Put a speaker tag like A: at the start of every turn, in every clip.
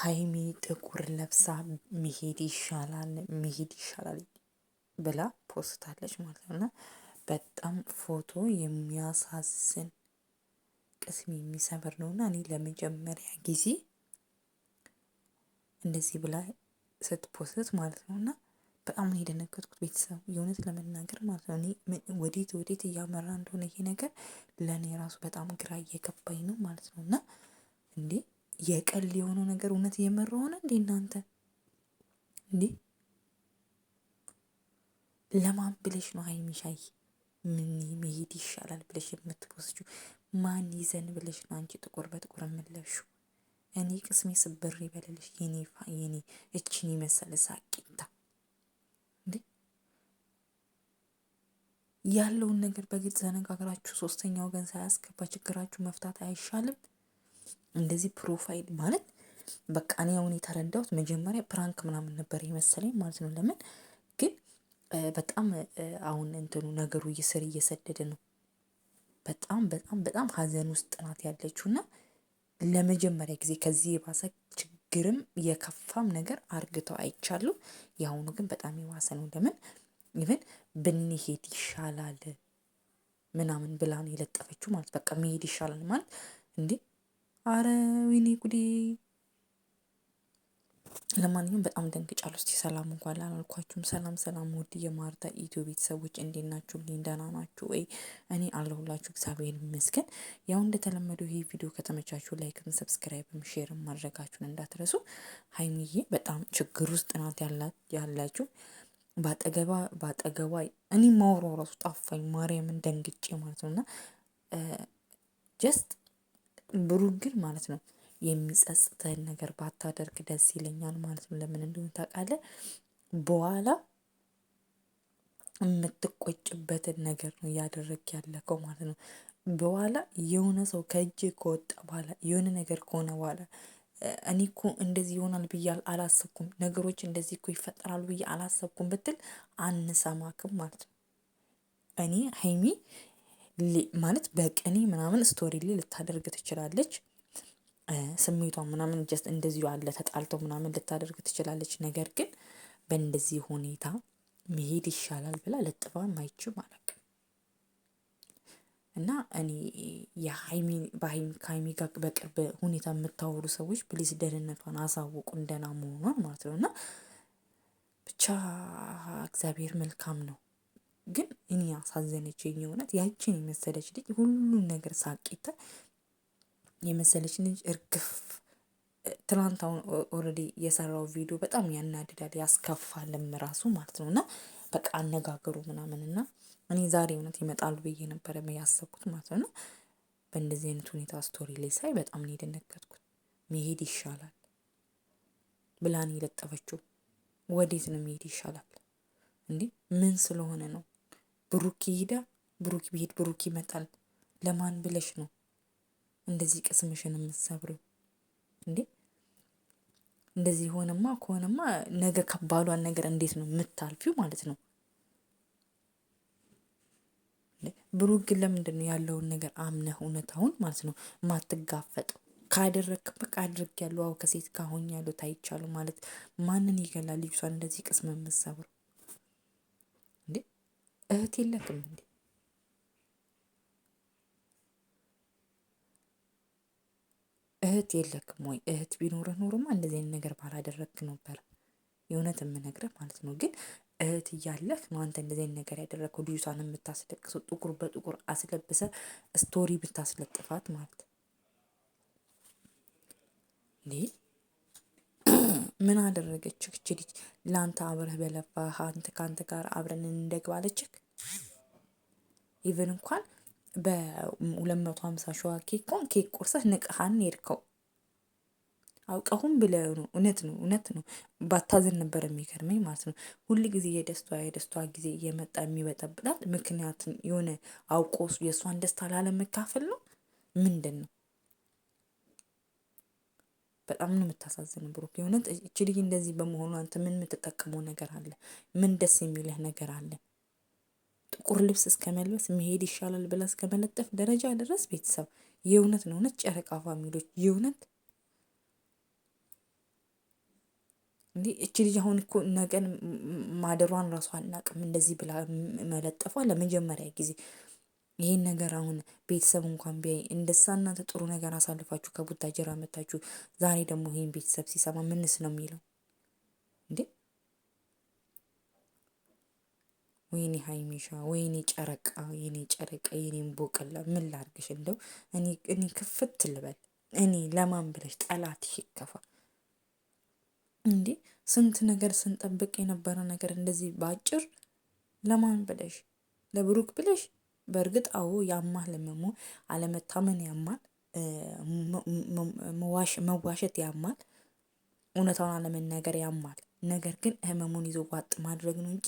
A: ሀይሚ ጥቁር ለብሳ መሄድ ይሻላል መሄድ ይሻላል ብላ ፖስታለች ማለት ነው። እና በጣም ፎቶ የሚያሳዝን ቅስም የሚሰብር ነው። እና እኔ ለመጀመሪያ ጊዜ እንደዚህ ብላ ስትፖስት ማለት ነው እና በጣም ነው የደነገጥኩት ቤተሰብ የእውነት ለመናገር ማለት ነው። እኔ ወዴት ወዴት እያመራ እንደሆነ ይሄ ነገር ለእኔ ራሱ በጣም ግራ እየገባኝ ነው ማለት ነው እና እንዴ የቀል የሆነው ነገር እውነት እየመራ ሆነ እንዴ እናንተ እንዴ ለማን ብለሽ ነው ሀይሚሻይ ምን መሄድ ይሻላል ብለሽ የምትወስጁ ማን ይዘን ብለሽ ነው አንቺ ጥቁር በጥቁር የምለሹ እኔ ቅስሜ ስብር ይበልልሽ የኔ የኔ እችን ይመሰል ሳቂታ እንዴ ያለውን ነገር በግልጽ ተነጋግራችሁ ሶስተኛ ወገን ሳያስገባ ችግራችሁ መፍታት አይሻልም እንደዚህ ፕሮፋይል ማለት በቃ እኔ አሁን የተረዳሁት መጀመሪያ ፕራንክ ምናምን ነበር የመሰለኝ ማለት ነው። ለምን ግን በጣም አሁን እንትኑ ነገሩ እየስር እየሰደደ ነው። በጣም በጣም በጣም ሀዘን ውስጥ ናት ያለችው እና ለመጀመሪያ ጊዜ ከዚህ የባሰ ችግርም የከፋም ነገር አርግተው አይቻሉ። የአሁኑ ግን በጣም የባሰ ነው። ለምን ይብን ብንሄድ ይሻላል ምናምን ብላ ነው የለጠፈችው ማለት በቃ መሄድ ይሻላል ማለት እንዴ አረ ወይኔ ጉዴ! ለማንኛውም በጣም ደንግጫለሁ። እስቲ ሰላም እንኳን አላልኳችሁም። ሰላም ሰላም፣ ውድ የማርታ ኢትዮ ቤተሰቦች እንዴት ናችሁ? ደህና ናችሁ ወይ? እኔ አለሁላችሁ፣ እግዚአብሔር ይመስገን። ያው እንደተለመደው ይሄ ቪዲዮ ከተመቻችሁ ላይክም፣ ሰብስክራይብም፣ ሼርም ማድረጋችሁን እንዳትረሱ። ሀይሚዬ በጣም ችግር ውስጥ ናት ያላችሁ በአጠገባ በአጠገባ እኔ ማውራው ራሱ ጣፋኝ ማርያምን ደንግጬ ማለት ነው እና ጀስት ብሩክ ግን ማለት ነው የሚጸጽተን ነገር ባታደርግ ደስ ይለኛል ማለት ነው። ለምን እንደሆነ ታውቃለህ? በኋላ የምትቆጭበትን ነገር ነው እያደረግ ያለከው ማለት ነው። በኋላ የሆነ ሰው ከእጅ ከወጣ በኋላ የሆነ ነገር ከሆነ በኋላ እኔ እኮ እንደዚህ ይሆናል ብዬ አላሰብኩም፣ ነገሮች እንደዚህ እኮ ይፈጠራሉ ብዬ አላሰብኩም ብትል አንሰማክም ማለት ነው። እኔ ሀይሚ ማለት በቅኔ ምናምን ስቶሪ ላይ ልታደርግ ትችላለች። ስሜቷን ምናምን ጀስት እንደዚሁ አለ ተጣልተው ምናምን ልታደርግ ትችላለች። ነገር ግን በእንደዚህ ሁኔታ መሄድ ይሻላል ብላ ለጥፋም አይችም ማለት እና እኔ የሀይሚ በሀይሚ ከሀይሚ ጋር በቅርብ ሁኔታ የምታወሩ ሰዎች ፕሊዝ ደህንነቷን አሳውቁ እንደና መሆኗን ማለት ነው። እና ብቻ እግዚአብሔር መልካም ነው። እኔ ያሳዘነችኝ የእውነት ያችን የመሰለች ልጅ ሁሉን ነገር ሳቂታ የመሰለች ልጅ እርግፍ። ትናንት አሁን ኦልሬዲ የሰራው ቪዲዮ በጣም ያናድዳል ያስከፋልም ራሱ ማለት ነው። እና በቃ አነጋገሩ ምናምን እና እኔ ዛሬ እውነት ይመጣሉ ብዬ ነበረ ያሰብኩት ማለት ነው። እና በእንደዚህ አይነት ሁኔታ ስቶሪ ላይ ሳይ በጣም ነው የደነገጥኩት። መሄድ ይሻላል ብላን የለጠፈችው ወዴት ነው መሄድ ይሻላል እንዲህ ምን ስለሆነ ነው ብሩክ ይሄዳ ብሩክ ቢሄድ ብሩክ ይመጣል። ለማን ብለሽ ነው እንደዚህ ቅስምሽን የምትሰብሪው እንዴ? እንደዚህ ሆነማ ከሆነማ ነገ ከባሏን ነገር እንዴት ነው የምታልፊው ማለት ነው። ብሩክ ግን ለምንድን ነው ያለውን ነገር አምነህ እውነታውን ማለት ነው ማትጋፈጠው? ካደረግ በቃ አድርግ ያለው አው ከሴት ካሁን ያለው ታይቻሉ ማለት ማንን ይገላል? ልጅቷን እንደዚህ ቅስም የምትሰብረው እህት የለክም እንዴ? እህት የለክም ወይ? እህት ቢኖርህ ኖሮማ እንደዚህ አይነት ነገር ባላደረግክ ነበር። የእውነት የምነግርህ ማለት ነው። ግን እህት እያለህ ነው አንተ እንደዚህ አይነት ነገር ያደረግከው። ልጅቷን የምታስለቅሰው ጥቁር በጥቁር አስለብሰ ስቶሪ ብታስለጥፋት ማለት እንዴ ምን አደረገች እቺ ልጅ? ለአንተ አብረህ በለፋ አንተ ከአንተ ጋር አብረን እንደግባለችክ ኢቨን እንኳን በ250 ሸዋ ኬክ እንኳን ኬክ ቁርሰህ ንቅሃን ሄድከው። አውቀሁም ብለው ነው። እውነት ነው፣ እውነት ነው። ባታዘን ነበር የሚገርመኝ ማለት ነው። ሁል ጊዜ የደስቷ የደስቷ ጊዜ እየመጣ የሚበጠብጣት ምክንያት የሆነ አውቆ የእሷን ደስታ ላለመካፈል ነው። ምንድን ነው? በጣም ነው የምታሳዝነው ብሩክ። የሆነት እች ልጅ እንደዚህ በመሆኑ አንተ ምን የምትጠቀመው ነገር አለ? ምን ደስ የሚልህ ነገር አለ? ጥቁር ልብስ እስከ መልበስ መሄድ ይሻላል ብላ እስከ መለጠፍ ደረጃ ድረስ ቤተሰብ የእውነት ነው እውነት ጨረቃ ፋሚሎች የእውነት እንዲህ እች ልጅ አሁን እኮ ነገን ማደሯን ራሷ አናቅም። እንደዚህ ብላ መለጠፏ ለመጀመሪያ ጊዜ ይህን ነገር አሁን ቤተሰብ እንኳን ቢያይ እንደሳ እናንተ ጥሩ ነገር አሳልፋችሁ ከቡታጀራ መታችሁ፣ ዛሬ ደግሞ ይሄን ቤተሰብ ሲሰማ ምንስ ነው የሚለው እንዴ? ወይኔ ሀይሚሻ፣ ወይኔ ጨረቃ፣ ወይኔ ጨረቃ፣ የኔ ቦቀላ፣ ምን ላርግሽ? እንደው እኔ እኔ ክፍት ልበል እኔ ለማን ብለሽ ጠላት ይከፋ እንዴ? ስንት ነገር ስንጠብቅ የነበረ ነገር እንደዚህ በአጭር ለማን ብለሽ ለብሩክ ብለሽ በእርግጥ አዎ ያማል ህመሙ አለመታመን ያማል። መዋሸት ያማል። እውነታውን አለመናገር ያማል ነገር ግን ህመሙን ይዞ ዋጥ ማድረግ ነው እንጂ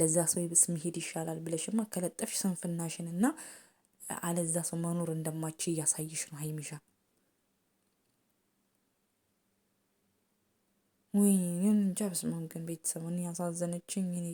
A: ለዛ ሰው ይብስ መሄድ ይሻላል ብለሽማ ከለጠፍሽ ስንፍናሽን እና አለዛ ሰው መኖር እንደማች እያሳይሽ ነው ሀይሚሻ። ወይ እኔ እንጃ በስመ አብ ግን ቤተሰብ እኔ እኔ